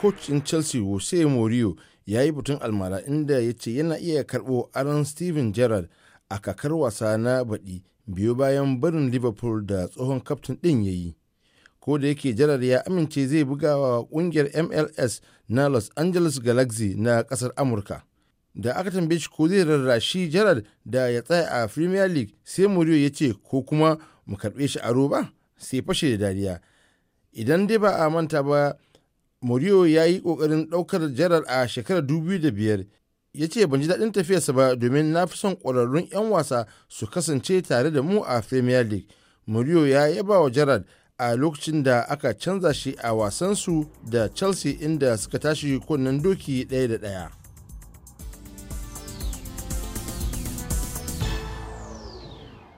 coach in chelsea jose mourinho ya yi batun almara inda ya ce yana iya karɓo aron steven gerrard a kakar wasa na baɗi biyu bayan barin liverpool da tsohon kaftin ɗin ya yi ko da yake gerrard ya amince zai buga wa ƙungiyar mls na los angeles galaxy na ƙasar amurka da aka tambaye shi ko zai rarrashi gerrard da ya tsaya a premier league sai mourinho ya ce ko kuma mu karɓe shi a roba sai fashe da dariya idan dai ba a manta ba Mourinho ya yi ƙoƙarin ɗaukar jarar a shekarar dubu 2005 ya ce ban ji daɗin tafiyarsa ba domin na fi son ƙwararrun 'yan wasa su kasance tare da mu a Premier League. Mourinho ya yaba wa Gerrard a lokacin da aka canza shi a wasansu da Chelsea inda suka tashi kunnen doki ɗaya da ɗaya.